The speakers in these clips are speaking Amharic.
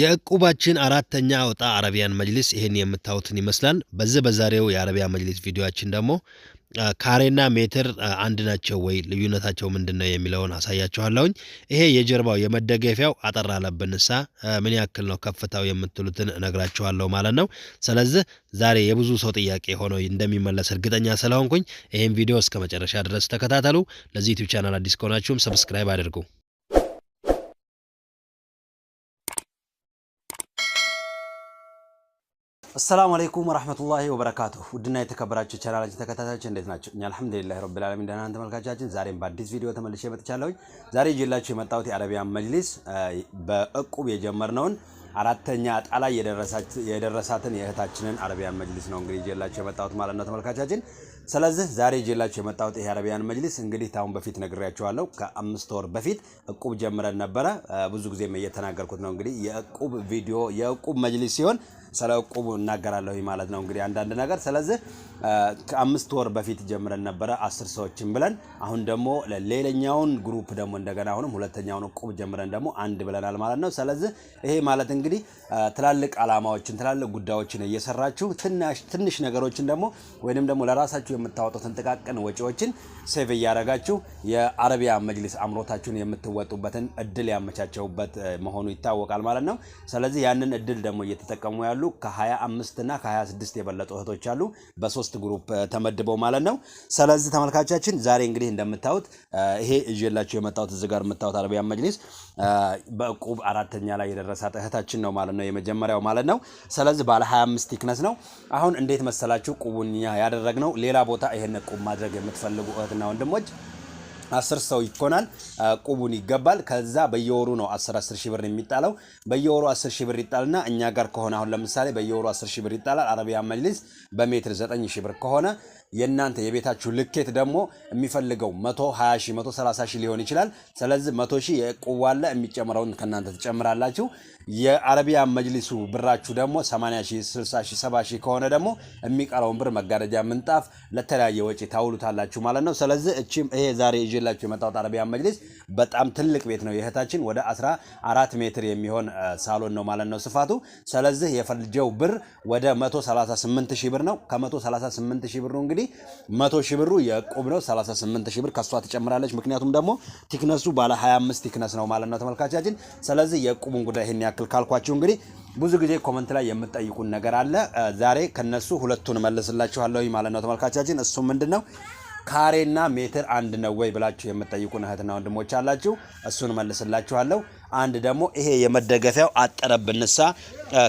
የእቁባችን አራተኛ ወጣ አረቢያን መጅሊስ ይህን የምታዩትን ይመስላል። በዚህ በዛሬው የአረቢያ መጅሊስ ቪዲዮችን ደግሞ ካሬና ሜትር አንድ ናቸው ወይ ልዩነታቸው ምንድን ነው የሚለውን አሳያችኋለሁኝ። ይሄ የጀርባው የመደገፊያው አጠር አለብንሳ ምን ያክል ነው ከፍታው የምትሉትን ነግራችኋለሁ ማለት ነው። ስለዚህ ዛሬ የብዙ ሰው ጥያቄ ሆኖ እንደሚመለስ እርግጠኛ ስለሆንኩኝ ይህም ቪዲዮ እስከ መጨረሻ ድረስ ተከታተሉ። ለዚህ ዩቲብ ቻናል አዲስ ከሆናችሁም ሰብስክራይብ አድርጉ። አሰላሙ አለይኩም ወራህመቱላሂ ወበረካቱሁ። ውድና የተከበራችሁ ቻናላችን ተከታታዮች እንዴት ናቸው? እኛ አልሐምዱሊላሂ ረብል ዓለሚን ደህና ተመልካቻችን ዛሬም በአዲስ ቪዲዮ ተመልሼ መጥቻለሁ። ዛሬ ይዤላችሁ የመጣሁት የአረቢያን መጅሊስ በእቁብ የጀመርነውን አራተኛ እጣ ላይ የደረሳትን የእህታችንን አረቢያን መጅሊስ ነው እንግዲህ ይዤላችሁ የመጣሁት ማለት ነው ተመልካቻችን። ስለዚህ ዛሬ ይዤላችሁ የመጣሁት ይሄ አረቢያን መጅሊስ እንግዲህ ታሁን በፊት ነግሬያችኋለሁ። ከአምስት ወር በፊት እቁብ ጀምረን ነበረ። ብዙ ጊዜም እየተናገርኩት ነው እንግዲህ የእቁብ ቪዲዮ የእቁብ መጅሊስ ሲሆን ስለ እቁቡ እናገራለሁ ማለት ነው። እንግዲህ አንዳንድ ነገር ስለዚህ ከአምስት ወር በፊት ጀምረን ነበረ አስር ሰዎችን ብለን አሁን ደግሞ ሌላኛውን ግሩፕ ደግሞ እንደገና አሁንም ሁለተኛውን እቁብ ጀምረን ደግሞ አንድ ብለናል ማለት ነው። ስለዚህ ይሄ ማለት እንግዲህ ትላልቅ አላማዎችን ትላልቅ ጉዳዮችን እየሰራችሁ ትንሽ ነገሮችን ደግሞ ወይንም ደግሞ ለራሳችሁ የምታወጡትን ጥቃቅን ወጪዎችን ሴቭ እያደረጋችሁ የአረቢያ መጅሊስ አምሮታችሁን የምትወጡበትን እድል ያመቻቸውበት መሆኑ ይታወቃል ማለት ነው። ስለዚህ ያንን እድል ደግሞ እየተጠቀሙ ያሉ ከ25 እና ከ26 የበለጡ እህቶች አሉ በሶስት ግሩፕ ተመድበው ማለት ነው። ስለዚህ ተመልካቻችን ዛሬ እንግዲህ እንደምታዩት ይሄ እላቸው የመጣሁት እዚህ ጋር የምታዩት አረቢያን መጅሊስ በእቁብ አራተኛ ላይ የደረሳት እህታችን ነው ማለት ነው፣ የመጀመሪያው ማለት ነው። ስለዚህ ባለ 25 ቲክነስ ነው። አሁን እንዴት መሰላችሁ ያደረግ ያደረግነው ሌላ ቦታ ይሄን እቁብ ማድረግ የምትፈልጉ እህትና ወንድሞች አስር ሰው ይኮናል። ቁቡን ይገባል። ከዛ በየወሩ ነው አስር አስር ሺህ ብር የሚጣለው። በየወሩ አስር ሺህ ብር ይጣልና እኛ ጋር ከሆነ አሁን ለምሳሌ በየወሩ አስር ሺህ ብር ይጣላል። አረቢያ መጅሊስ በሜትር ዘጠኝ ሺህ ብር ከሆነ የእናንተ የቤታችሁ ልኬት ደግሞ የሚፈልገው 120 ሺህ 130 ሺህ ሊሆን ይችላል። ስለዚህ 100 ሺህ ቁዋለ የሚጨምረውን ከእናንተ ትጨምራላችሁ። የአረቢያ መጅሊሱ ብራችሁ ደግሞ 80 ሺህ 60 ሺህ 70 ሺህ ከሆነ ደግሞ የሚቀረውን ብር መጋረጃ፣ ምንጣፍ ለተለያየ ወጪ ታውሉታላችሁ ማለት ነው። ስለዚህ እቺም ይሄ ዛሬ ይዤላችሁ የመጣሁት አረቢያ መጅሊስ በጣም ትልቅ ቤት ነው። የእህታችን ወደ 14 ሜትር የሚሆን ሳሎን ነው ማለት ነው ስፋቱ። ስለዚህ የፈልጀው ብር ወደ 138 ሺህ ብር ነው። ከ138 ሺህ ነው እንግዲህ መቶ ሺህ ብሩ የቁብ ነው። 38 ሺህ ብር ከሷ ትጨምራለች። ምክንያቱም ደግሞ ቲክነሱ ባለ 25 ቲክነስ ነው ማለት ነው ተመልካቻችን። ስለዚህ የቁቡን ጉዳይ ይህን ያክል ካልኳችሁ እንግዲህ ብዙ ጊዜ ኮመንት ላይ የምትጠይቁን ነገር አለ። ዛሬ ከነሱ ሁለቱን መልስላችኋለሁኝ ማለት ነው ተመልካቻችን። እሱ ምንድን ነው ካሬና ሜትር አንድ ነው ወይ ብላችሁ የምትጠይቁን እህትና ወንድሞች አላችሁ። እሱን መልስላችኋለሁ። አንድ ደግሞ ይሄ የመደገፊያው ብንሳ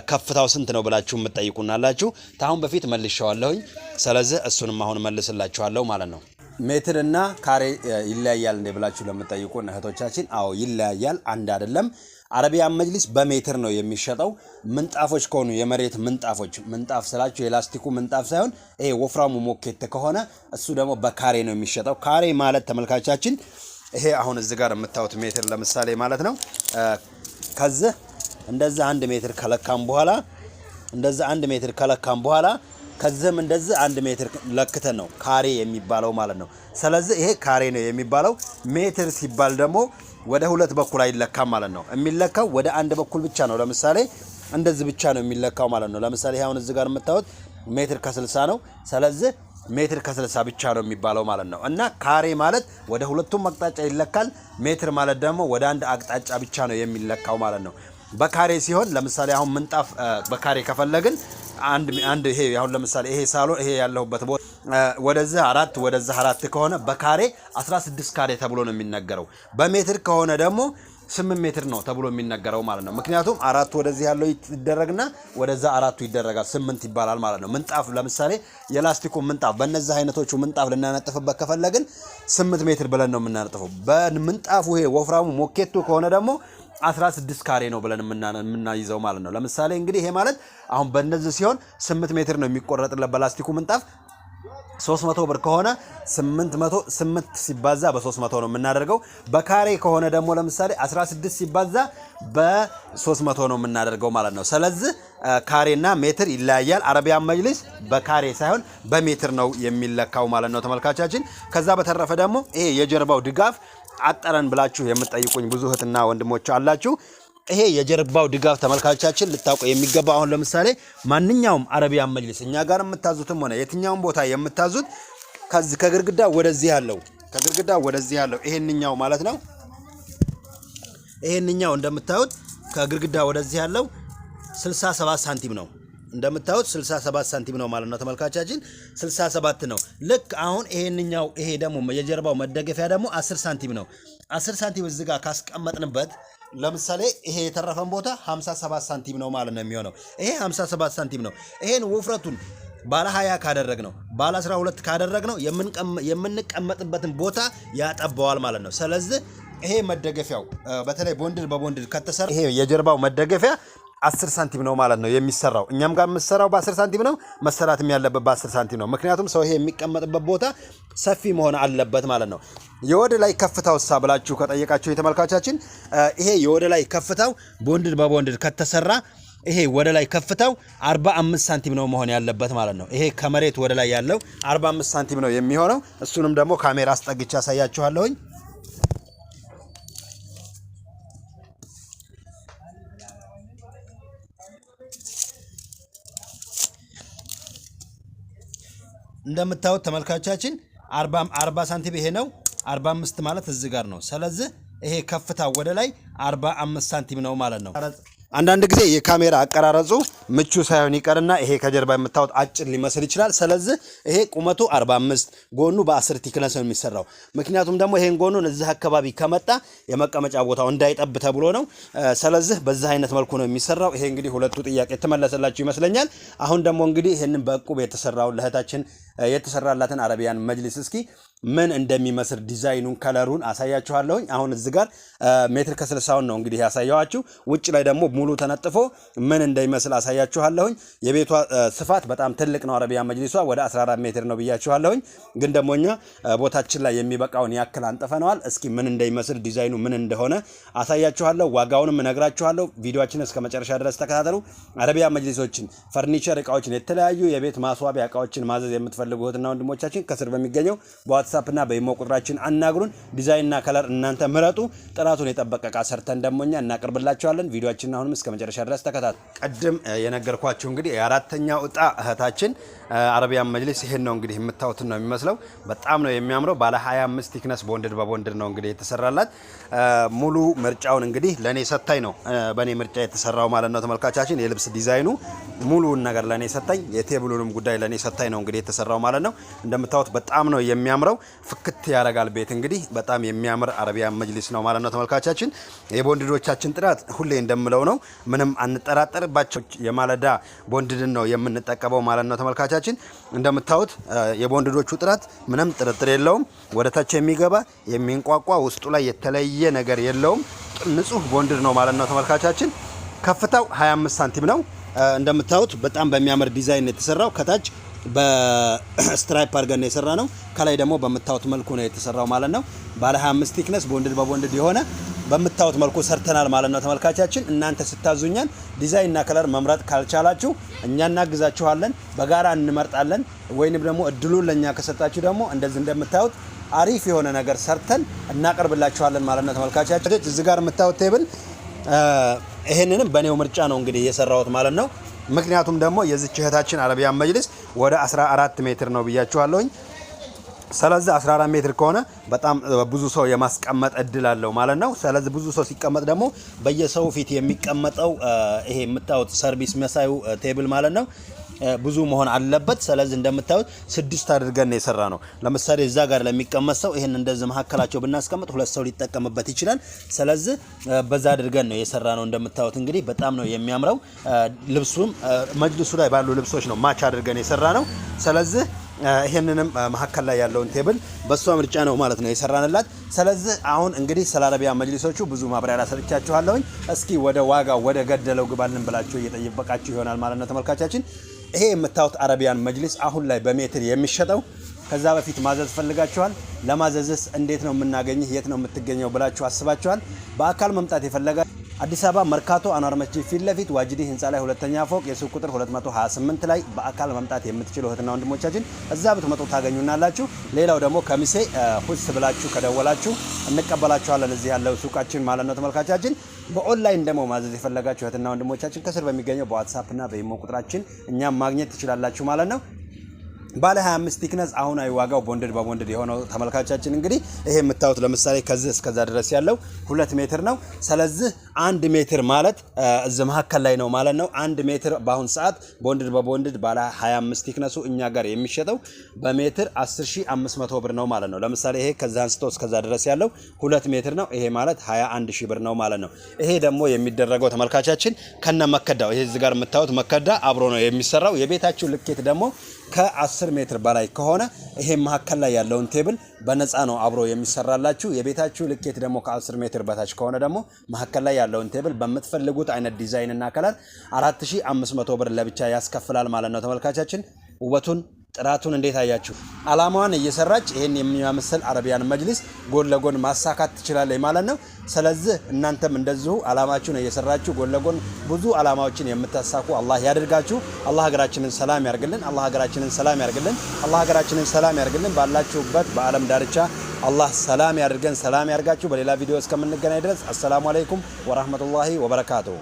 ከፍታው ስንት ነው ብላችሁ የምትጠይቁናላችሁ። ታሁን በፊት መልሼዋለሁኝ። ስለዚህ እሱንም አሁን መልስላችኋለሁ ማለት ነው። ሜትር እና ካሬ ይለያያል እንዴ ብላችሁ ለምትጠይቁ እህቶቻችን፣ አዎ ይለያያል፣ አንድ አይደለም። አረቢያን መጅሊስ በሜትር ነው የሚሸጠው። ምንጣፎች ከሆኑ የመሬት ምንጣፎች ምንጣፍ ስላችሁ የላስቲኩ ምንጣፍ ሳይሆን ይሄ ወፍራሙ ሞኬት ከሆነ እሱ ደግሞ በካሬ ነው የሚሸጠው። ካሬ ማለት ተመልካቻችን ይሄ አሁን እዚህ ጋር የምታዩት ሜትር ለምሳሌ ማለት ነው። ከዚህ እንደዚህ አንድ ሜትር ከለካም በኋላ እንደዚህ አንድ ሜትር ከለካም በኋላ ከዚህም እንደዚህ አንድ ሜትር ለክተን ነው ካሬ የሚባለው ማለት ነው። ስለዚህ ይሄ ካሬ ነው የሚባለው። ሜትር ሲባል ደግሞ ወደ ሁለት በኩል አይለካም ማለት ነው። የሚለካው ወደ አንድ በኩል ብቻ ነው። ለምሳሌ እንደዚህ ብቻ ነው የሚለካው ማለት ነው። ለምሳሌ አሁን እዚህ ጋር የምታዩት ሜትር ከስልሳ ነው። ስለዚህ ሜትር ከ60 ብቻ ነው የሚባለው ማለት ነው። እና ካሬ ማለት ወደ ሁለቱም አቅጣጫ ይለካል። ሜትር ማለት ደግሞ ወደ አንድ አቅጣጫ ብቻ ነው የሚለካው ማለት ነው። በካሬ ሲሆን ለምሳሌ አሁን ምንጣፍ በካሬ ከፈለግን አንድ አንድ ይሄ አሁን ለምሳሌ ይሄ ሳሎን ይሄ ያለሁበት ቦታ ወደዚህ አራት ወደዚህ አራት ከሆነ በካሬ 16 ካሬ ተብሎ ነው የሚነገረው። በሜትር ከሆነ ደግሞ ስምንት ሜትር ነው ተብሎ የሚነገረው ማለት ነው። ምክንያቱም አራቱ ወደዚህ ያለው ይደረግና ወደዛ አራቱ ይደረጋል፣ ስምንት ይባላል ማለት ነው። ምንጣፍ ለምሳሌ የላስቲኩ ምንጣፍ በእነዚህ አይነቶቹ ምንጣፍ ልናነጥፍበት ከፈለግን ስምንት ሜትር ብለን ነው የምናነጥፈው። በምንጣፉ ይሄ ወፍራሙ ሞኬቱ ከሆነ ደግሞ 16 ካሬ ነው ብለን የምናይዘው ማለት ነው። ለምሳሌ እንግዲህ ይሄ ማለት አሁን በእነዚህ ሲሆን ስምንት ሜትር ነው የሚቆረጥለት በላስቲኩ ምንጣፍ 300 ብር ከሆነ 800 8 ሲባዛ በ300 ነው የምናደርገው። በካሬ ከሆነ ደግሞ ለምሳሌ 16 ሲባዛ በ300 ነው የምናደርገው ማለት ነው። ስለዚህ ካሬና ሜትር ይለያያል። አረቢያን መጅሊስ በካሬ ሳይሆን በሜትር ነው የሚለካው ማለት ነው ተመልካቻችን። ከዛ በተረፈ ደግሞ ይሄ የጀርባው ድጋፍ አጠረን ብላችሁ የምትጠይቁኝ ብዙ እህትና ወንድሞች አላችሁ። ይሄ የጀርባው ድጋፍ ተመልካቾቻችን ልታውቁ የሚገባ አሁን ለምሳሌ ማንኛውም አረቢያን መጅልስ እኛ ጋር የምታዙትም ሆነ የትኛውም ቦታ የምታዙት ከዚህ ከግርግዳ ወደዚህ ያለው ከግርግዳ ወደዚህ ያለው ይሄንኛው ማለት ነው። ይሄንኛው እንደምታዩት ከግርግዳ ወደዚህ ያለው 67 ሳንቲም ነው። እንደምታዩት 67 ሳንቲም ነው ማለት ነው። ተመልካቻችን 67 ነው። ልክ አሁን ይሄንኛው ይሄ ደግሞ የጀርባው መደገፊያ ደግሞ 10 ሳንቲም ነው። 10 ሳንቲም እዚህ ጋር ካስቀመጥንበት ለምሳሌ ይሄ የተረፈን ቦታ 57 ሳንቲም ነው ማለት ነው የሚሆነው። ይሄ 57 ሳንቲም ነው። ይሄን ውፍረቱን ባለ 20 ካደረግ ነው ባለ 12 ካደረግ ነው የምንቀመጥበትን ቦታ ያጠበዋል ማለት ነው። ስለዚህ ይሄ መደገፊያው በተለይ ቦንድድ በቦንድድ ከተሰራ ይሄ የጀርባው መደገፊያ 10 ሳንቲም ነው ማለት ነው የሚሰራው። እኛም ጋር የምሰራው በ10 ሳንቲም ነው፣ መሰራትም ያለበት በ10 ሳንቲም ነው። ምክንያቱም ሰው ይሄ የሚቀመጥበት ቦታ ሰፊ መሆን አለበት ማለት ነው። የወደ ላይ ከፍታው ሳ ብላችሁ ከጠየቃችሁ የተመልካቻችን ይሄ የወደ ላይ ከፍታው ቦንድድ በቦንድድ ከተሰራ ይሄ ወደ ላይ ከፍታው 45 ሳንቲም ነው መሆን ያለበት ማለት ነው። ይሄ ከመሬት ወደ ላይ ያለው 45 ሳንቲም ነው የሚሆነው። እሱንም ደግሞ ካሜራ አስጠግቼ አሳያችኋለሁኝ። እንደምታዩት ተመልካቻችን 40 ሳንቲም ይሄ ነው። 45 ማለት እዚህ ጋር ነው። ስለዚህ ይሄ ከፍታ ወደ ላይ 45 ሳንቲም ነው ማለት ነው። አንዳንድ ጊዜ የካሜራ አቀራረጹ ምቹ ሳይሆን ይቀርና ይሄ ከጀርባ የምታዩት አጭር ሊመስል ይችላል። ስለዚህ ይሄ ቁመቱ 45 ጎኑ በ10 ቲክነስ ነው የሚሰራው። ምክንያቱም ደግሞ ይሄን ጎኑን እዚህ አካባቢ ከመጣ የመቀመጫ ቦታው እንዳይጠብ ተብሎ ነው። ስለዚህ በዚህ አይነት መልኩ ነው የሚሰራው። ይሄ እንግዲህ ሁለቱ ጥያቄ የተመለሰላችሁ ይመስለኛል። አሁን ደግሞ እንግዲህ ይህንን በእቁብ የተሰራውን ለእህታችን የተሰራላትን አረቢያን መጅሊስ እስኪ ምን እንደሚመስል ዲዛይኑን ከለሩን አሳያችኋለሁኝ። አሁን እዚህ ጋር ሜትር ከስልሳውን ነው እንግዲህ ያሳየኋችሁ። ውጭ ላይ ደግሞ ሙሉ ተነጥፎ ምን እንደሚመስል አሳያችኋለሁኝ። የቤቷ ስፋት በጣም ትልቅ ነው። አረቢያ መጅሊሷ ወደ 14 ሜትር ነው ብያችኋለሁኝ። ግን ደግሞ እኛ ቦታችን ላይ የሚበቃውን ያክል አንጥፈነዋል። እስኪ ምን እንደሚመስል ዲዛይኑ ምን እንደሆነ አሳያችኋለሁ፣ ዋጋውንም እነግራችኋለሁ። ቪዲዮችን እስከ መጨረሻ ድረስ ተከታተሉ። አረቢያ መጅሊሶችን፣ ፈርኒቸር እቃዎችን፣ የተለያዩ የቤት ማስዋቢያ እቃዎችን ማዘዝ የምትፈልጉ እህትና ወንድሞቻችን ከስር በሚገኘው በዋትሳፕና በኢሞ ቁጥራችን አናግሩን። ዲዛይንና ከለር እናንተ ምረጡ። ጥራቱን የጠበቀ እቃ ሰርተን ደግሞ እኛ እናቀርብላቸዋለን። አሁንም እስከ መጨረሻ ድረስ ተከታተሉ። ቅድም የነገርኳቸው እንግዲህ የአራተኛው እጣ እህታችን አረቢያን መጅሊስ ይሄን ነው እንግዲህ የምታዩትን ነው የሚመስለው። በጣም ነው የሚያምረው። ባለ 25 ቲክነስ ቦንድድ በቦንድድ ነው እንግዲህ የተሰራላት። ሙሉ ምርጫውን እንግዲህ ለእኔ ሰታኝ ነው በእኔ ምርጫ የተሰራው ማለት ነው። ተመልካቻችን የልብስ ዲዛይኑ ሙሉውን ነገር ለእኔ ሰታኝ፣ የቴብሉንም ጉዳይ ለእኔ ሰታኝ ነው እንግዲህ የተሰራው ማለት ነው። እንደምታዩት በጣም ነው የሚያምረው። ፍክት ያደርጋል ቤት እንግዲህ በጣም የሚያምር አረቢያ መጅሊስ ነው ማለት ነው። ተመልካቻችን የቦንድዶቻችን ጥራት ሁሌ እንደምለው ነው፣ ምንም አንጠራጠርባቸው። የማለዳ ቦንድድን ነው የምንጠቀመው ማለት ነው። ተመልካቻችን እንደምታዩት የቦንድዶቹ ጥራት ምንም ጥርጥር የለውም። ወደ ታች የሚገባ የሚንቋቋ ውስጡ ላይ የተለየ ነገር የለውም። ንጹህ ቦንድድ ነው ማለት ነው። ተመልካቻችን ከፍታው 25 ሳንቲም ነው። እንደምታዩት በጣም በሚያምር ዲዛይን የተሰራው ከታች በስትራይፕ አድርገን ነው የሰራ ነው። ከላይ ደግሞ በምታዩት መልኩ ነው የተሰራው ማለት ነው። ባለ 25 ቲክነስ ቦንድድ በቦንድድ የሆነ በምታዩት መልኩ ሰርተናል ማለት ነው። ተመልካቻችን እናንተ ስታዙኛን ዲዛይንና ከለር መምረጥ ካልቻላችሁ እኛ እናግዛችኋለን፣ በጋራ እንመርጣለን። ወይንም ደግሞ እድሉን ለእኛ ከሰጣችሁ ደግሞ እንደዚህ እንደምታዩት አሪፍ የሆነ ነገር ሰርተን እናቀርብላችኋለን ማለት ነው። ተመልካቻችን እዚህ ጋር የምታዩት ቴብል ይህንንም በእኔው ምርጫ ነው እንግዲህ የሰራሁት ማለት ነው። ምክንያቱም ደግሞ የዚች እህታችን አረቢያን መጅልስ ወደ 14 ሜትር ነው ብያችኋለሁኝ። ስለዚህ 14 ሜትር ከሆነ በጣም ብዙ ሰው የማስቀመጥ እድል አለው ማለት ነው። ስለዚህ ብዙ ሰው ሲቀመጥ ደግሞ በየሰው ፊት የሚቀመጠው ይሄ የምታዩት ሰርቪስ መሳዩ ቴብል ማለት ነው ብዙ መሆን አለበት። ስለዚህ እንደምታዩት ስድስት አድርገን ነው የሰራ ነው። ለምሳሌ እዛ ጋር ለሚቀመጥ ሰው ይህን እንደዚህ መካከላቸው ብናስቀምጥ ሁለት ሰው ሊጠቀምበት ይችላል። ስለዚህ በዛ አድርገን ነው የሰራ ነው። እንደምታዩት እንግዲህ በጣም ነው የሚያምረው። ልብሱም መጅልሱ ላይ ባሉ ልብሶች ነው ማች አድርገን የሰራ ነው። ስለዚህ ይህንንም መሀከል ላይ ያለውን ቴብል በእሷ ምርጫ ነው ማለት ነው የሰራንላት። ስለዚህ አሁን እንግዲህ ስለ አረቢያ መጅሊሶቹ ብዙ ማብራሪያ ሰጥቻችኋለሁኝ። እስኪ ወደ ዋጋው ወደ ገደለው ግባልን ብላችሁ እየጠየበቃችሁ ይሆናል ማለት ነው ተመልካቻችን። ይሄ የምታዩት አረቢያን መጅሊስ አሁን ላይ በሜትር የሚሸጠው ከዛ በፊት ማዘዝ ፈልጋችኋል። ለማዘዝስ እንዴት ነው የምናገኝህ? የት ነው የምትገኘው ብላችሁ አስባችኋል? በአካል መምጣት የፈለጋ አዲስ አበባ መርካቶ መስጂድ ፊት ለፊት ዋጅዲ ህንፃ ላይ ሁለተኛ ፎቅ የሱቅ ቁጥር 228 ላይ በአካል መምጣት የምትችሉ እህትና ወንድሞቻችን እዛ ብትመጡ ታገኙናላችሁ። ሌላው ደግሞ ከሚሴ ሁስ ብላችሁ ከደወላችሁ እንቀበላችኋለን እዚህ ያለው ሱቃችን ማለት ነው። ተመልካቻችን በኦንላይን ደግሞ ማዘዝ የፈለጋችሁ እህትና ወንድሞቻችን ከስር በሚገኘው በዋትሳፕና በኢሞ ቁጥራችን እኛም ማግኘት ትችላላችሁ ማለት ነው። ባለ 25 ቲክነስ አሁናዊ ዋጋው ቦንድድ በቦንድድ የሆነው ተመልካቻችን እንግዲህ ይሄ የምታዩት ለምሳሌ ከዚህ እስከዛ ድረስ ያለው ሁለት ሜትር ነው። ስለዚህ አንድ ሜትር ማለት እዚህ መካከል ላይ ነው ማለት ነው። አንድ ሜትር በአሁን ሰዓት ቦንድድ በቦንድድ ባለ 25 ቲክነሱ እኛ ጋር የሚሸጠው በሜትር 10500 ብር ነው ማለት ነው። ለምሳሌ ይሄ ከዛ አንስቶ እስከዛ ድረስ ያለው ሁለት ሜትር ነው። ይሄ ማለት 21000 ብር ነው ማለት ነው። ይሄ ደግሞ የሚደረገው ተመልካቻችን ከነ መከዳው ይሄ እዚህ ጋር የምታዩት መከዳ አብሮ ነው የሚሰራው። የቤታችሁ ልኬት ደግሞ ከ10 ሜትር በላይ ከሆነ ይሄ መካከል ላይ ያለውን ቴብል በነፃ ነው አብሮ የሚሰራላችሁ። የቤታችሁ ልኬት ደግሞ ከ10 ሜትር በታች ከሆነ ደግሞ መካከል ላይ ያለውን ቴብል በምትፈልጉት አይነት ዲዛይን እና ከለር 4500 ብር ለብቻ ያስከፍላል ማለት ነው። ተመልካቻችን ውበቱን ጥራቱን እንዴት አያችሁ? አላማዋን እየሰራች ይህን የሚያመስል አረቢያን መጅሊስ ጎን ለጎን ማሳካት ትችላለች ማለት ነው። ስለዚህ እናንተም እንደዚሁ አላማችሁን እየሰራችሁ ጎን ለጎን ብዙ አላማዎችን የምታሳኩ አላህ ያደርጋችሁ። አላህ ሀገራችንን ሰላም ያርግልን። አላህ ሀገራችንን ሰላም ያርግልን። አላህ ሀገራችንን ሰላም ያርግልን። ባላችሁበት በዓለም ዳርቻ አላህ ሰላም ያድርገን፣ ሰላም ያርጋችሁ። በሌላ ቪዲዮ እስከምንገናኝ ድረስ አሰላሙ አለይኩም ወራህመቱላሂ ወበረካቱሁ።